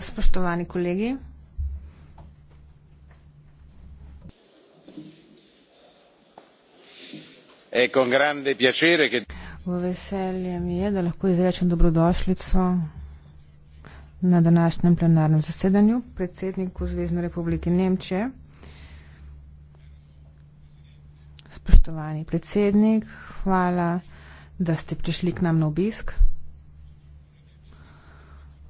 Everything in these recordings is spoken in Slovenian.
Spoštovani kolegi. V veselje mi je, da lahko izrečem dobrodošlico na današnjem plenarnem zasedanju predsedniku Zvezne republike Nemčije. spoštovani predsednik, hvala, da ste prišli k nam na obisk.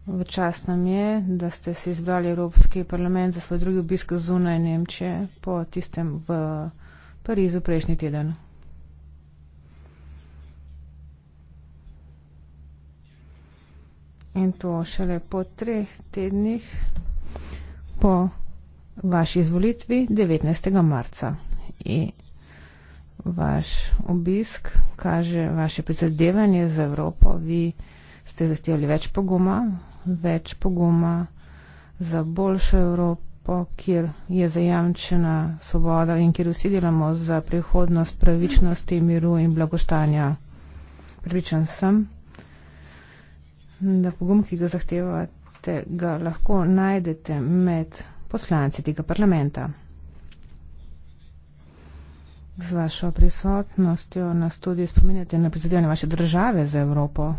V čas nam je, da ste se izbrali Evropski parlament za svoj drugi obisk zunaj Nemčije po tistem v Parizu prejšnji teden. In to šele po treh tednih po vaši izvolitvi 19. marca. In vaš obisk, kaže vaše prizadevanje za Evropo. Vi ste zahtevali več poguma, več poguma za boljšo Evropo, kjer je zajamčena svoboda in kjer vsi delamo za prihodnost pravičnosti, miru in blagostanja. Pripričan sem, da pogum, ki ga zahtevate, ga lahko najdete med poslanci tega parlamenta. Z vašo prisotnostjo nas tudi spominjate na prizadevanje vaše države za Evropo.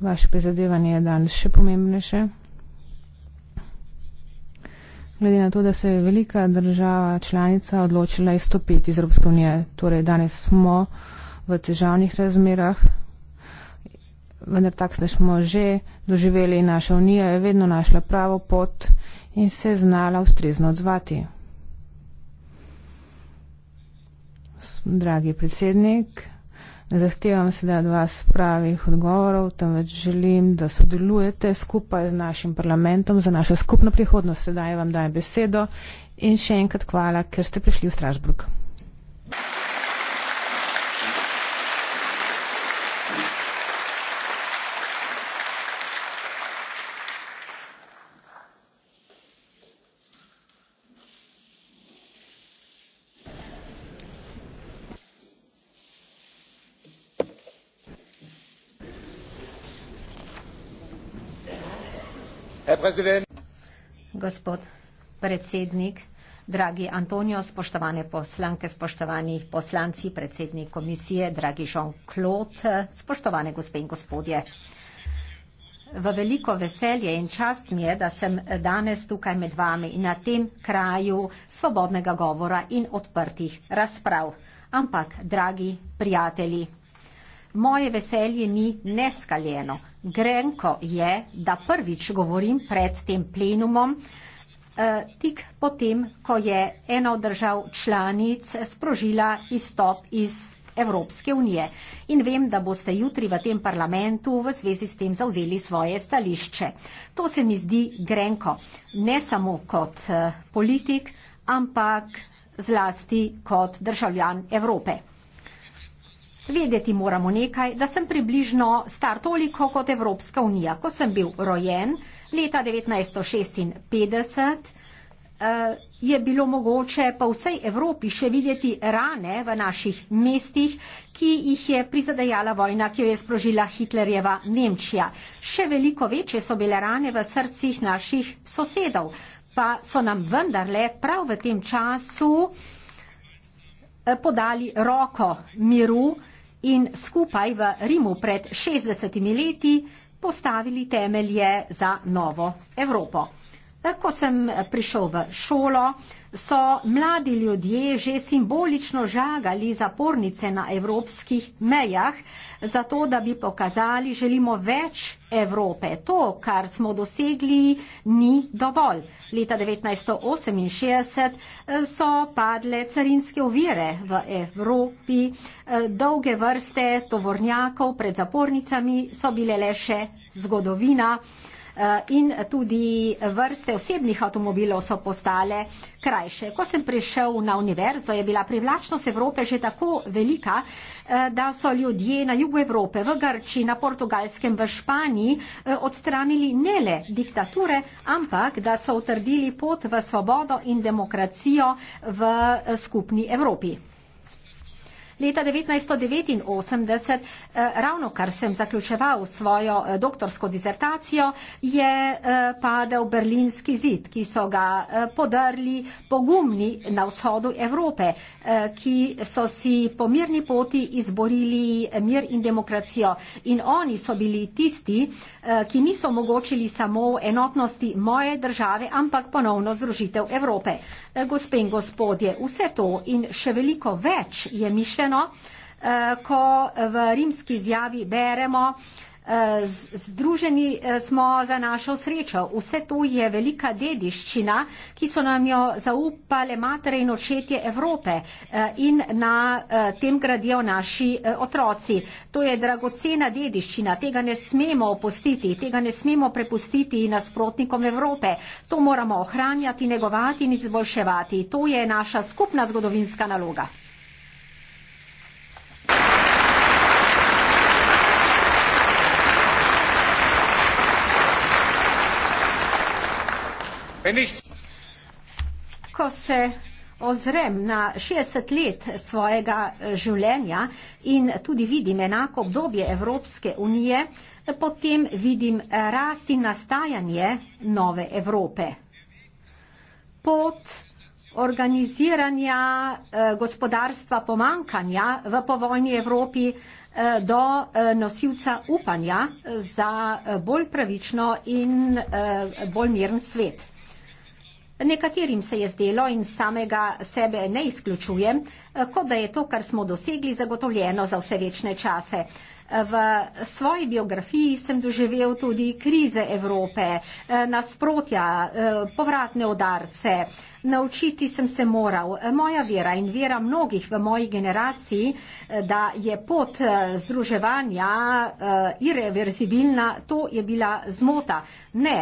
Vaše prizadevanje je danes še pomembnejše. Glede na to, da se je velika država članica odločila izstopiti iz Evropske unije, torej danes smo v težavnih razmerah, vendar takšne smo že doživeli in naša unija je vedno našla pravo pot in se znala ustrezno odzvati. dragi predsednik. Ne zahtevam sedaj od vas pravih odgovorov, temveč želim, da sodelujete skupaj z našim parlamentom za našo skupno prihodnost. Sedaj vam dajem besedo in še enkrat hvala, ker ste prišli v Strasburg. Thank you. Gospod predsednik, dragi Antonijo, spoštovane poslanke, spoštovani poslanci, predsednik komisije, dragi Jean-Claude, spoštovane gospe in gospodje. V veliko veselje in čast mi je, da sem danes tukaj med vami in na tem kraju svobodnega govora in odprtih razprav. Ampak, dragi prijatelji, Moje veselje ni neskaljeno. Grenko je, da prvič govorim pred tem plenumom, eh, tik potem, ko je ena od držav članic sprožila izstop iz Evropske unije. In vem, da boste jutri v tem parlamentu v zvezi s tem zauzeli svoje stališče. To se mi zdi grenko, ne samo kot eh, politik, ampak zlasti kot državljan Evrope. Vedeti moramo nekaj, da sem približno star toliko kot Evropska unija. Ko sem bil rojen leta 1956, eh, je bilo mogoče pa v vsej Evropi še videti rane v naših mestih, ki jih je prizadajala vojna, ki jo je sprožila Hitlerjeva Nemčija. Še veliko večje so bile rane v srcih naših sosedov, pa so nam vendarle prav v tem času eh, podali roko miru, in skupaj v Rimu pred 60 leti postavili temelje za novo Evropo. Ko sem prišel v šolo, so mladi ljudje že simbolično žagali zapornice na evropskih mejah, zato da bi pokazali, želimo več Evrope. To, kar smo dosegli, ni dovolj. Leta 1968 eh, so padle carinske ovire v Evropi, eh, dolge vrste tovornjakov pred zapornicami so bile le še zgodovina. Eh, in tudi vrste osebnih avtomobilov so postale krajše. Ko sem prišel na univerzo, je bila privlačnost Evrope že tako velika, eh, da so ljudje na jugu Evrope, v Grči, na Portugalskem, v Španiji eh, odstranili ne le diktature, ampak da so utrdili pot v svobodo in demokracijo v skupni Evropi. Leta 1989, eh, ravno kar sem zaključeval svojo eh, doktorsko dizertacijo, je eh, padel berlinski zid, ki so ga podarili pogumni na vzhodu Evrope, ki so si po mirni poti izborili mir in demokracijo. In oni so bili tisti, ki niso omogočili samo enotnosti moje države, ampak ponovno združitev Evrope. Gospe in gospodje, vse to in še veliko več je mišljeno, zapisano, eh, ko v rimski izjavi beremo, eh, združeni eh, smo za našo srečo. Vse to je velika dediščina, ki so nam jo zaupale matere in očetje Evrope in na tem gradijo naši otroci. To je dragocena dediščina, tega ne smemo opustiti, tega ne smemo prepustiti nasprotnikom Evrope. To moramo ohranjati, negovati in izboljševati. To je naša skupna zgodovinska naloga. Ko se ozrem na 60 let svojega življenja in tudi vidim enako obdobje Evropske unije, potem vidim rast in nastajanje nove Evrope. Pot organiziranja eh, gospodarstva pomankanja v povojni Evropi eh, do eh, nosilca upanja za bolj pravično in bolj miren svet. Nekaterim se je zdelo in samega sebe ne izključujem, kot da je to, kar smo dosegli, zagotovljeno za vse večne čase. V svoji biografiji sem doživel tudi krize Evrope, nasprotja, povratne odarce. Naučiti sem se moral, moja vera in vera mnogih v moji generaciji, da je pot združevanja irreverzibilna, to je bila zmota. Ne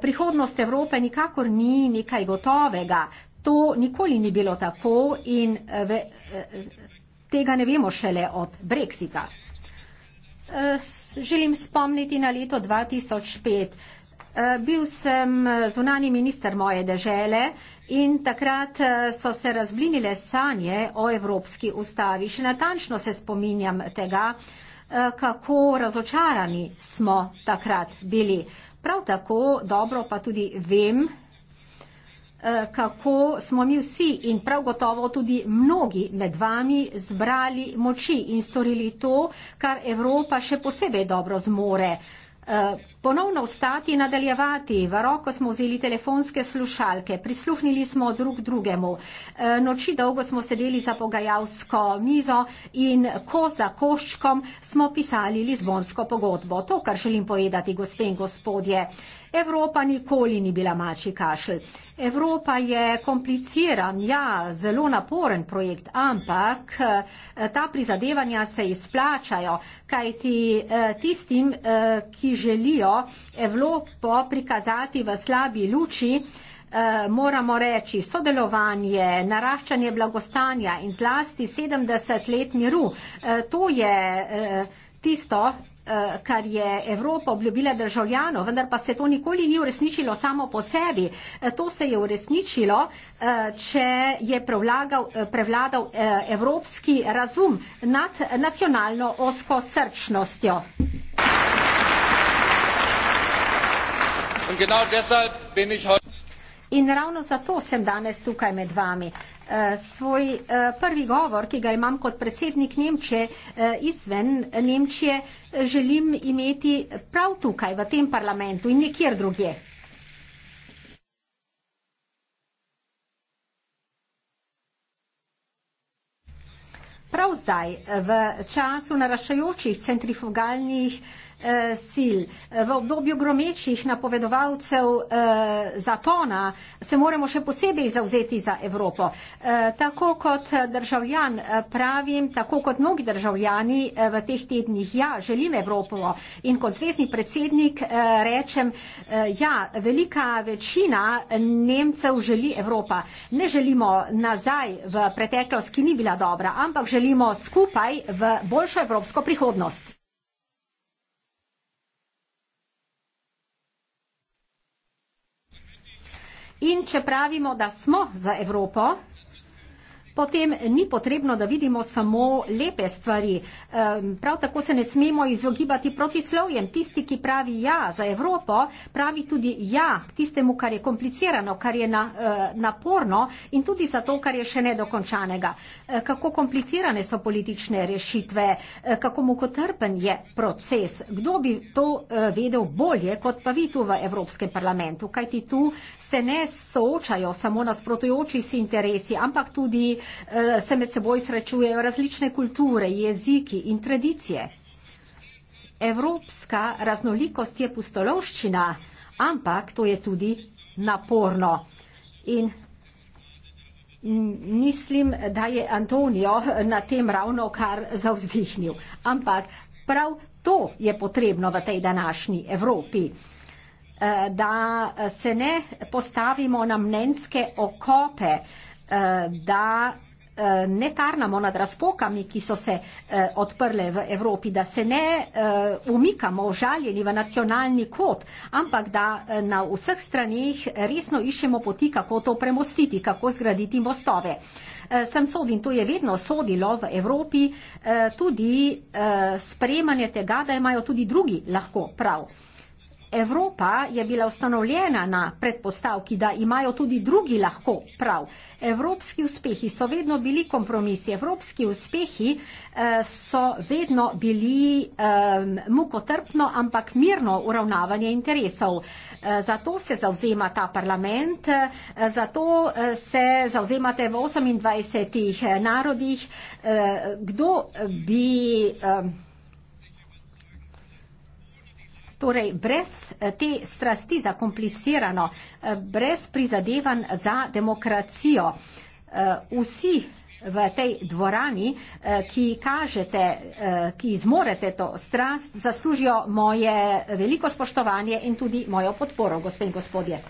prihodnost Evrope nikakor ni nekaj gotovega. To nikoli ni bilo tako in eh, ve, eh, tega ne vemo šele od Brexita. Eh, želim spomniti na leto 2005. Bil sem zunani minister moje dežele in takrat so se razblinile sanje o evropski ustavi. Še natančno se spominjam tega, kako razočarani smo takrat bili. Prav tako dobro pa tudi vem, eh, kako smo mi vsi in prav gotovo tudi mnogi med vami zbrali moči in storili to, kar Evropa še posebej dobro zmore. Eh, ponovno vstati in nadaljevati. V roko smo vzeli telefonske slušalke, prisluhnili smo drug drugemu. E, noči dolgo smo sedeli za pogajalsko mizo in ko za koščkom smo pisali Lizbonsko pogodbo. To, kar želim povedati, gospe in gospodje. Evropa nikoli ni bila mači kašelj. Evropa je kompliciran, ja, zelo naporen projekt, ampak e, ta prizadevanja se izplačajo, kajti e, tistim, ki želijo bilo Evropo prikazati v slabi luči, eh, moramo reči sodelovanje, naraščanje blagostanja in zlasti 70 let miru. Eh, to je eh, tisto, kar je Evropa obljubila državljano, vendar pa se to nikoli ni uresničilo samo po sebi. To se je uresničilo, če je prevladal evropski razum nad nacionalno osko srčnostjo. In ravno zato sem danes tukaj med vami. Eh, svoj eh, prvi govor, ki ga imam kot predsednik Nemčije eh, izven Nemčije, želim imeti prav tukaj, v tem parlamentu in nikjer drugje. Prav zdaj, v času naraščajočih centrifugalnih eh, Eh, sil. V obdobju gromečih napovedovalcev eh, zatona se moramo še posebej zauzeti za Evropo. Eh, tako kot državljan pravim, tako kot mnogi državljani v teh tednih, ja, želim Evropo in kot zvezdni predsednik rečem, ja, velika večina Nemcev želi Evropa. Ne želimo nazaj v preteklost, ki ni bila dobra, ampak želimo skupaj v boljšo evropsko prihodnost. In če pravimo, da smo za Evropo, potem ni potrebno, da vidimo samo lepe stvari. Prav tako se ne smemo izogibati protislovjem. Tisti, ki pravi ja za Evropo, pravi tudi ja k tistemu, kar je komplicirano, kar je na, eh, naporno in tudi za to, kar je še nedokončanega. Eh, kako komplicirane so politične rešitve, eh, kako mukotrpen je proces, kdo bi to vedel bolje, kot pa vi tu v Evropskem parlamentu, kajti tu se ne soočajo samo nasprotujoči si interesi, ampak tudi uh, Eh, se med seboj srečujejo različne kulture, jeziki in tradicije. Evropska raznolikost je pustolovščina, ampak to je tudi naporno. In mislim, da je Antonijo na tem ravno kar zavzdihnil. Ampak prav to je potrebno v tej današnji Evropi, eh, da se ne postavimo na mnenske okope, Eh, da eh, ne tarnamo nad razpokami, ki so se eh, odprle v Evropi, da se ne umikamo žaljeni v nacionalni kot, ampak da na vseh stranih resno iščemo poti, kako to premostiti, kako zgraditi mostove. Sem sod in to je vedno sodilo v Evropi tudi sprejemanje tega, da imajo tudi drugi lahko prav. Evropa je bila ustanovljena na predpostavki, da imajo tudi drugi lahko prav. Evropski uspehi so vedno bili kompromisi, evropski uspehi eh, so vedno bili eh, mukotrpno, ampak mirno uravnavanje interesov. Eh, zato se zauzema ta parlament, eh, zato eh, se zauzemate v 28 eh, narodih. Eh, kdo bi. Eh, Torej, brez eh, te strasti za komplicirano, eh, brez prizadevanj za demokracijo, eh, vsi v tej dvorani, ki kažete, ki zmorete to strast, zaslužijo moje veliko spoštovanje in tudi mojo podporo, gospe in gospodje.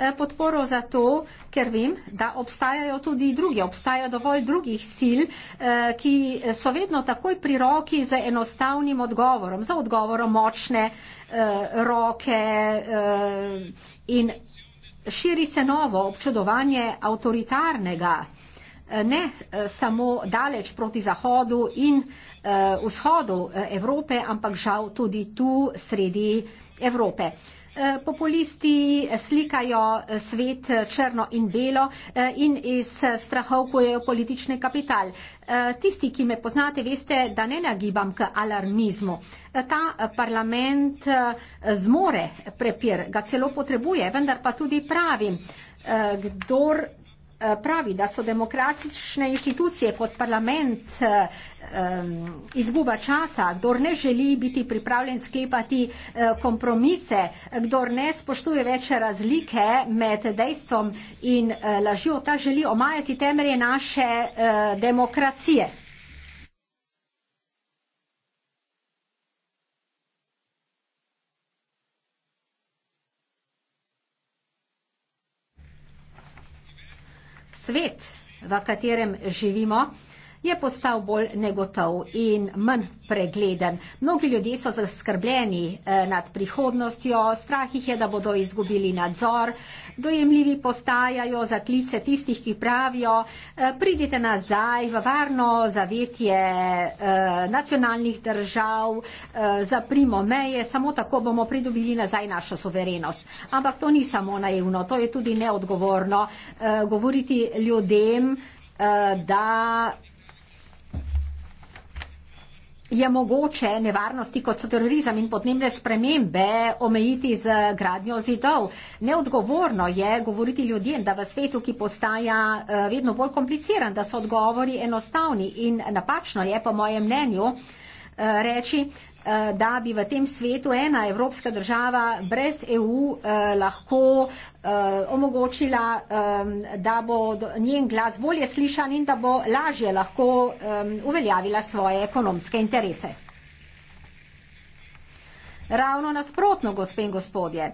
Eh, podporo za to, ker vem, da obstajajo tudi drugi, obstaja dovolj drugih sil, eh, ki so vedno takoj pri roki za enostavnim odgovorom, za odgovorom močne eh, roke in širi se novo občudovanje avtoritarnega, ne samo daleč proti Zahodu in vzhodu Evrope, ampak žal tudi tu sredi Evrope. Eh, populisti slikajo svet črno in belo eh, in iz strahov pojejo politični kapital. Eh, tisti, ki me poznate, veste, da ne nagibam k alarmizmu. Ta parlament zmore prepir, ga celo potrebuje, vendar pa tudi pravim, kdor Eh, pravi, da so demokratične inštitucije kot parlament eh, izguba časa, kdor ne želi biti pripravljen sklepati eh, kompromise, kdor ne spoštuje več razlike med dejstvom in lažjo, ta želi omajati temelje naše demokracije. svet, v katerem živimo, je postal bolj negotov in manj pregleden. Mnogi ljudje so zaskrbljeni eh, nad prihodnostjo, strah jih je, da bodo izgubili nadzor, dojemljivi postajajo za klice tistih, ki pravijo, eh, pridite nazaj v varno zavetje eh, nacionalnih držav, zaprimo meje, samo tako bomo pridobili nazaj našo soverenost. Ampak to ni samo naivno, to je tudi neodgovorno govoriti ljudem, da je mogoče nevarnosti, kot so terorizem in podnebne spremembe, omejiti z gradnjo zidov. Neodgovorno je govoriti ljudem, da v svetu, ki postaja eh, vedno bolj kompliciran, da so odgovori enostavni in napačno je, po mojem mnenju, eh, reči, Eh, da bi v tem svetu ena evropska država brez EU eh, lahko eh, omogočila, da bo njen glas bolje slišan in da bo lažje lahko uveljavila svoje ekonomske interese. Ravno nasprotno, gospe in gospodje,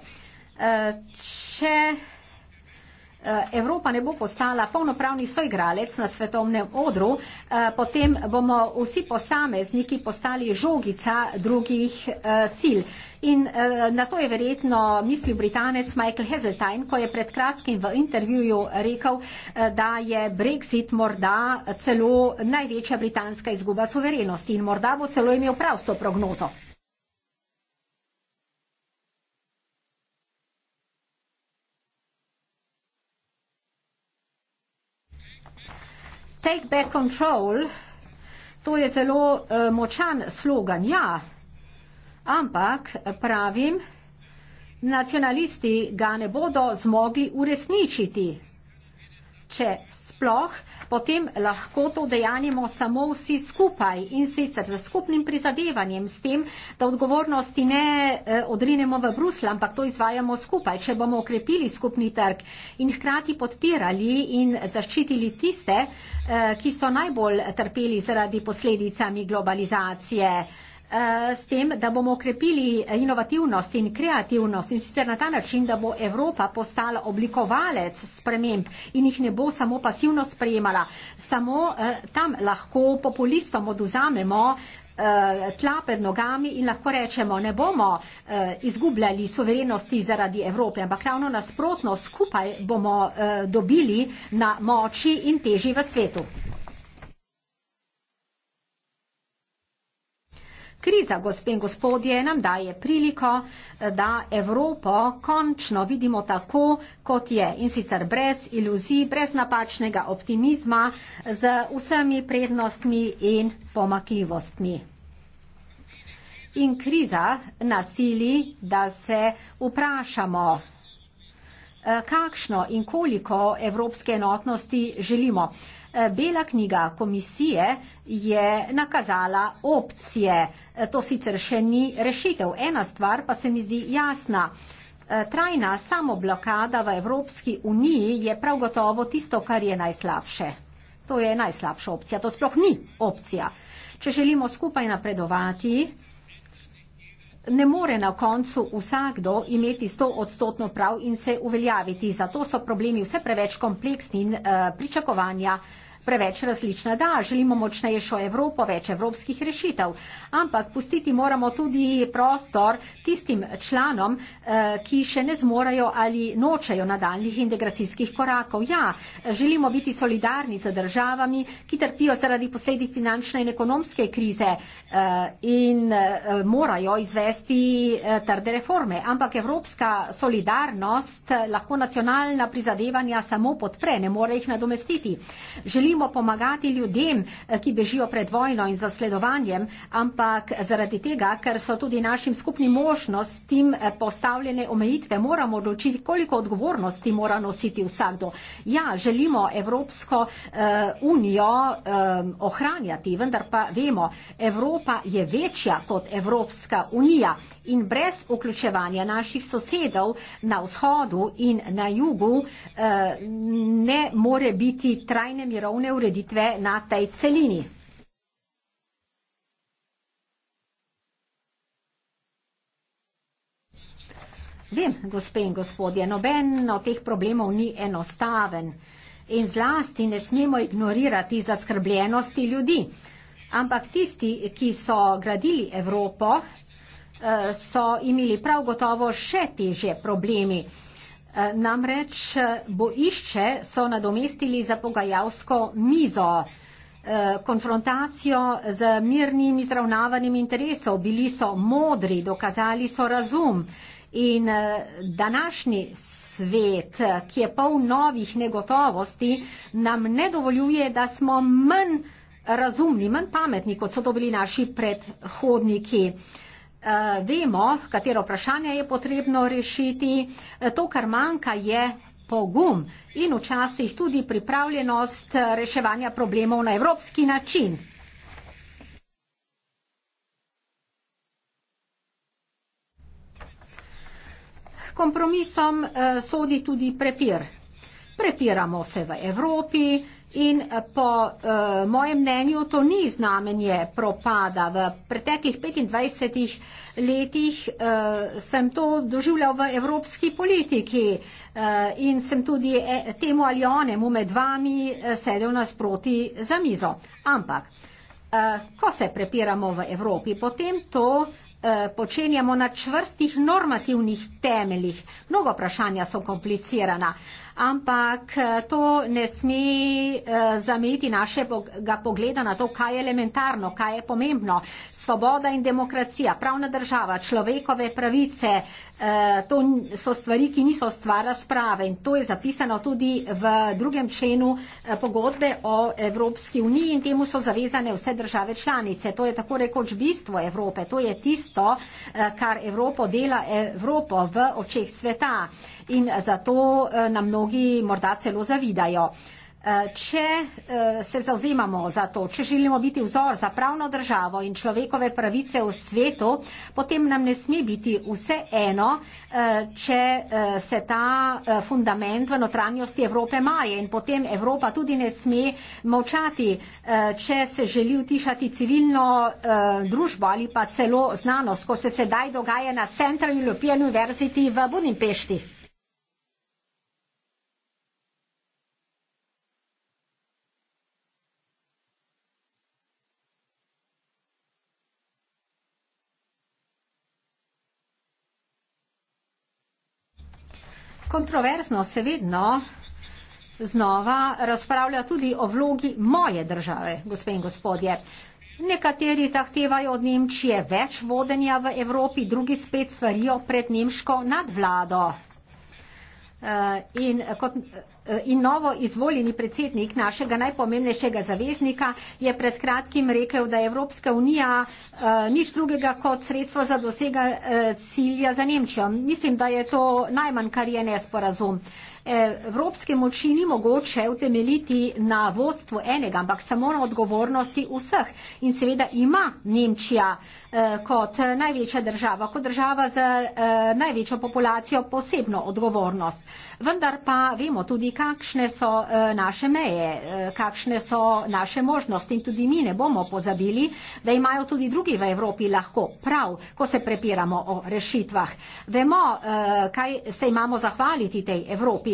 če Eh, Evropa ne bo postala polnopravni soigralec na svetovnem odru, eh, potem bomo vsi posamezniki postali žogica drugih eh, sil. In na to je verjetno mislil britanec Michael Heseltine, ko je pred kratkim v intervjuju rekel, da je Brexit morda celo največja britanska izguba suverenosti in morda bo celo imel prav s to prognozo. take back control, to je zelo uh, močan slogan, ja, ampak eh, pravim, nacionalisti ga ne bodo zmogli uresničiti če sploh, potem lahko to dejanjemo samo vsi skupaj in sicer za skupnim prizadevanjem s tem, da odgovornosti ne eh, odrinemo v Brusla, ampak to izvajamo skupaj. Če bomo okrepili skupni trg in hkrati podpirali in zaščitili tiste, eh, ki so najbolj trpeli zaradi posledicami globalizacije. Eh, s tem, da bomo okrepili inovativnost in kreativnost in sicer na ta način, da bo Evropa postala oblikovalec sprememb in jih ne bo samo pasivno sprejemala. Samo eh, tam lahko populistom oduzamemo eh, tla pred nogami in lahko rečemo, ne bomo izgubljali soverenosti zaradi Evrope, ampak ravno nasprotno, skupaj bomo dobili na moči in teži v svetu. Kriza, gospe in gospodje, nam daje priliko, da Evropo končno vidimo tako, kot je in sicer brez iluzij, brez napačnega optimizma, z vsemi prednostmi in pomakljivostmi. In kriza nasili, da se vprašamo, eh, kakšno in koliko evropske enotnosti želimo. Bela knjiga komisije je nakazala opcije. To sicer še ni rešitev. Ena stvar pa se mi zdi jasna. E, trajna samoblokada v Evropski uniji je prav gotovo tisto, kar je najslabše. To je najslabša opcija. To sploh ni opcija. Če želimo skupaj napredovati, ne more na koncu vsakdo imeti sto odstotno prav in se uveljaviti. Zato so problemi vse preveč kompleksni in eh, pričakovanja preveč različna. Da, želimo močnejšo Evropo, več evropskih rešitev, ampak pustiti moramo tudi prostor tistim članom, eh, ki še ne zmorajo ali nočejo nadaljnih integracijskih korakov. Ja, želimo biti solidarni z državami, ki trpijo zaradi posledic finančne in ekonomske krize eh, in eh, morajo izvesti trde reforme. Ampak evropska solidarnost lahko nacionalna prizadevanja samo podpre, ne more jih nadomestiti. Želimo želimo pomagati ljudem, eh, ki bežijo pred vojno in zasledovanjem, ampak zaradi tega, ker so tudi našim skupnim možnostim eh, postavljene omejitve, moramo odločiti, koliko odgovornosti mora nositi vsakdo. Ja, želimo Evropsko eh, unijo eh, ohranjati, vendar pa vemo, Evropa je večja kot Evropska unija in brez vključevanja naših sosedov na vzhodu in na jugu eh, ne more biti trajne mirovne pravne ureditve na tej celini. Vem, gospe in gospodje, noben od teh problemov ni enostaven in zlasti ne smemo ignorirati zaskrbljenosti ljudi. Ampak tisti, ki so gradili Evropo, eh, so imeli prav gotovo še teže problemi. Eh, namreč eh, boišče so nadomestili za pogajalsko mizo, eh, konfrontacijo z mirnim izravnavanjem interesov. Bili so modri, dokazali so razum. In današnji svet, ki je poln novih negotovosti, nam ne dovoljuje, da smo manj razumni, manj pametni, kot so to bili naši predhodniki. Uh, Eh, vemo, katero vprašanje je potrebno rešiti. Eh, to, kar manjka, je pogum in včasih tudi pripravljenost reševanja problemov na evropski način. Kompromisom eh, sodi tudi prepir. Prepiramo se v Evropi, In eh, po uh, mojem mnenju to ni znamenje propada. V preteklih 25 letih uh, sem to doživljal v evropski politiki uh, in sem tudi temu ali onemu med vami sedel nasproti za mizo. Ampak, uh, ko se prepiramo v Evropi, potem to počenjamo na čvrstih normativnih temeljih. Mnogo vprašanja so komplicirana. Uh, ampak eh, to ne sme eh, zamejiti našega pogleda na to, kaj je elementarno, kaj je pomembno. Svoboda in demokracija, pravna država, človekove pravice, eh, to so stvari, ki niso stvar razprave in to je zapisano tudi v drugem členu pogodbe o Evropski uniji in temu so zavezane vse države članice. To je tako rekoč bistvo Evrope, to je tisto, kar Evropo dela Evropo v očeh sveta in zato nam mnogo mnogi morda celo zavidajo. Eh, če eh, se zauzemamo za to, če želimo biti vzor za pravno državo in človekove pravice v svetu, potem nam ne sme biti vse eno, eh, če se ta fundament v notranjosti Evrope maje in potem Evropa tudi ne sme molčati, če se želi utišati civilno družbo ali pa celo znanost, kot se sedaj dogaja na Central European University v Budimpešti. kontroverzno se vedno znova razpravlja tudi o vlogi moje države, gospe in gospodje. Nekateri zahtevajo od Nemčije več vodenja v Evropi, drugi spet stvarijo pred Nemško nadvlado. Uh, in kot Eh, in novo izvoljeni predsednik našega najpomembnejšega zaveznika je pred kratkim rekel, da je Evropska unija eh, nič drugega kot sredstvo za dosega eh, cilja za Nemčijo. Mislim, da je to najmanj, kar je nesporazum evropske moči ni mogoče utemeliti na vodstvu enega, ampak samo na odgovornosti vseh. In seveda ima Nemčija eh, kot največja država, kot država z eh, največjo populacijo posebno odgovornost. Vendar pa vemo tudi, kakšne so eh, naše meje, kakšne so naše možnosti in tudi mi ne bomo pozabili, da imajo tudi drugi v Evropi lahko prav, ko se prepiramo o rešitvah. Vemo, kaj se imamo zahvaliti tej Evropi.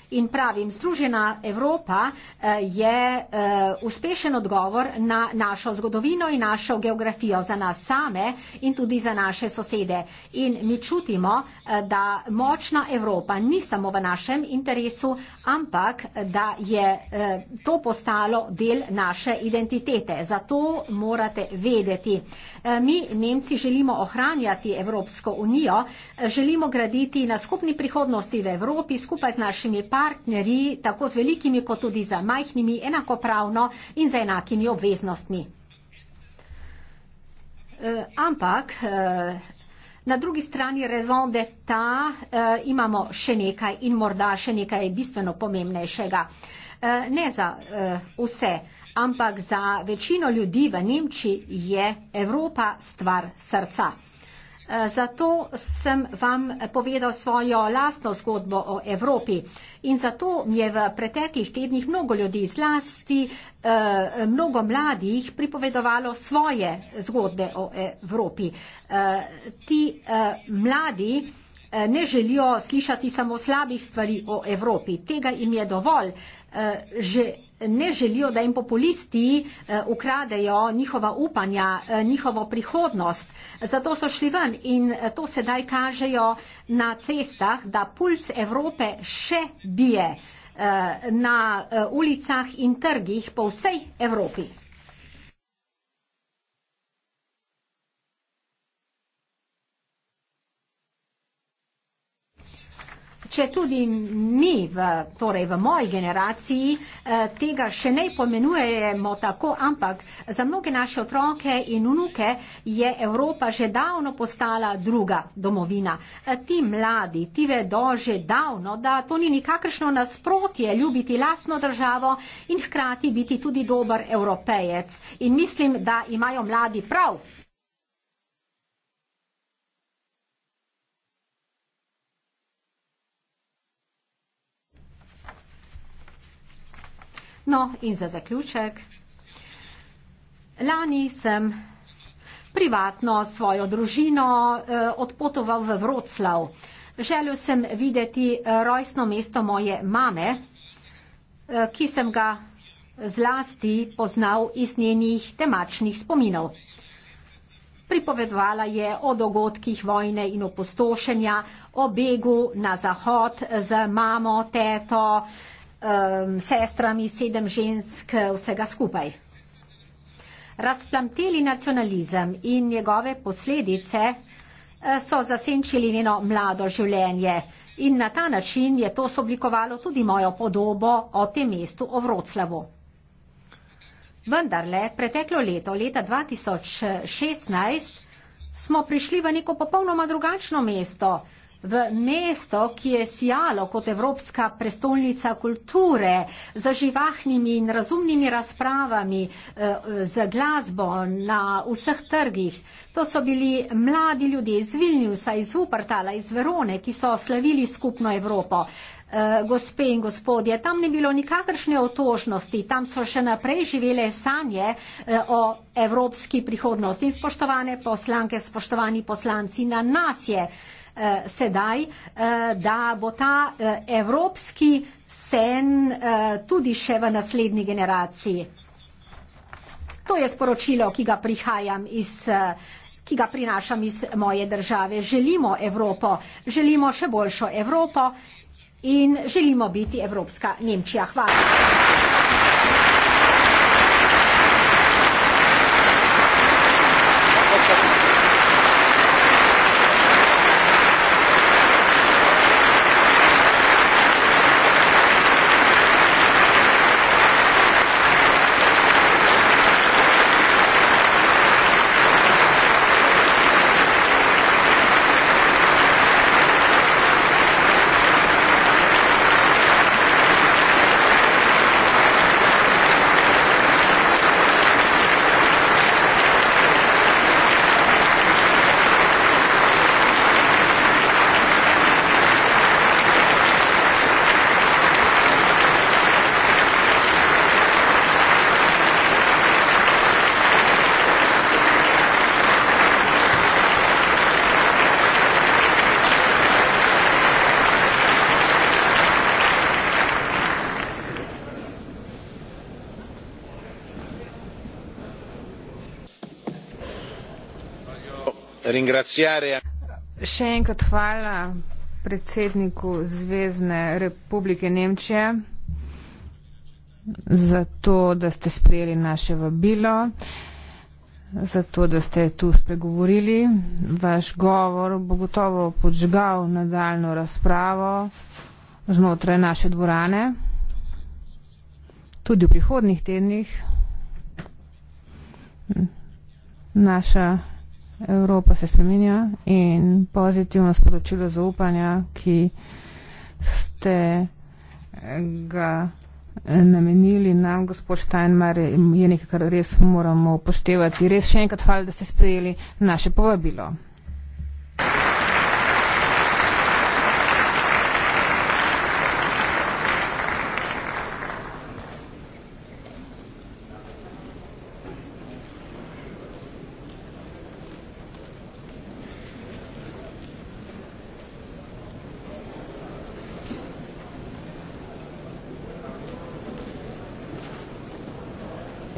In pravim, Združena Evropa eh, je eh, uspešen odgovor na našo zgodovino in našo geografijo za nas same in tudi za naše sosede. In mi čutimo, eh, da močna Evropa ni samo v našem interesu, ampak da je to postalo del naše identitete. Zato morate vedeti. Mi, Nemci, želimo ohranjati Evropsko unijo, želimo graditi na skupni prihodnosti v Evropi skupaj z našimi partnerji partnerji, tako z velikimi kot tudi z majhnimi, enakopravno in z enakimi obveznostmi. Eh, ampak eh, na drugi strani raison d'etta eh, imamo še nekaj in morda še nekaj bistveno pomembnejšega. Ne za vse, ampak za večino ljudi v Nemčiji je Evropa stvar srca. Eh, zato sem vam povedal svojo lastno zgodbo o Evropi in zato mi je v preteklih tednih mnogo ljudi, zlasti eh, mnogo mladih, pripovedovalo svoje zgodbe o Evropi. Eh, ti mladi ne želijo slišati samo slabih stvari o Evropi. Tega jim je dovolj. Eh, že ne želijo, da jim populisti eh, ukradejo njihova upanja, eh, njihovo prihodnost. Zato so šli ven in to sedaj kažejo na cestah, da puls Evrope še bije na ulicah in trgih po vsej Evropi. če tudi mi, v, torej v moji generaciji, eh, tega še ne pomenujemo tako, ampak za mnoge naše otroke in unuke je Evropa že davno postala druga domovina. Eh, ti mladi, ti vedo že davno, da to ni nikakršno nasprotje ljubiti lasno državo in hkrati biti tudi dober evropejec. In mislim, da imajo mladi prav. No, in za zaključek. Lani sem privatno svojo družino eh, odpotoval v Vroclav. Želel sem videti eh, rojstno mesto moje mame, eh, ki sem ga zlasti poznal iz njenih temačnih spominov. Pripovedovala je o dogodkih vojne in opustošenja, o begu na zahod z mamo, teto, um, sestrami, sedem žensk, vsega skupaj. Razplamteli nacionalizem in njegove posledice eh, so zasenčili njeno mlado življenje in na ta način je to soblikovalo tudi mojo podobo o tem mestu, o Vroclavu. Vendarle, preteklo leto, leta 2016, smo prišli v neko popolnoma drugačno mesto, v mesto, ki je sijalo kot evropska prestolnica kulture, z živahnimi in razumnimi razpravami, eh, z glasbo na vseh trgih. To so bili mladi ljudje iz Vilniusa, iz Vuportala, iz Verone, ki so slavili skupno Evropo. Eh, gospe in gospodje, tam ni bilo nikakršne otožnosti, tam so še naprej živele sanje eh, o evropski prihodnosti. In spoštovane poslanke, spoštovani poslanci, na nas je eh, sedaj, eh, da bo ta eh, evropski sen eh, tudi še v naslednji generaciji. To je sporočilo, ki ga prihajam iz. Eh, ki ga prinašam iz moje države. Želimo Evropo, želimo še boljšo Evropo in želimo biti Evropska Nemčija. Hvala. Še enkrat hvala predsedniku Zvezdne republike Nemčije za to, da ste sprejeli naše vabilo, za to, da ste tu spregovorili. Vaš govor bo gotovo podžgal nadaljno razpravo znotraj naše dvorane, tudi v prihodnih tednih. Naša Evropa se spremenja in pozitivno sporočilo zaupanja, ki ste ga namenili nam, gospod Steinmar, je nekaj, kar res moramo upoštevati. Res še enkrat hvala, da ste sprejeli naše povabilo.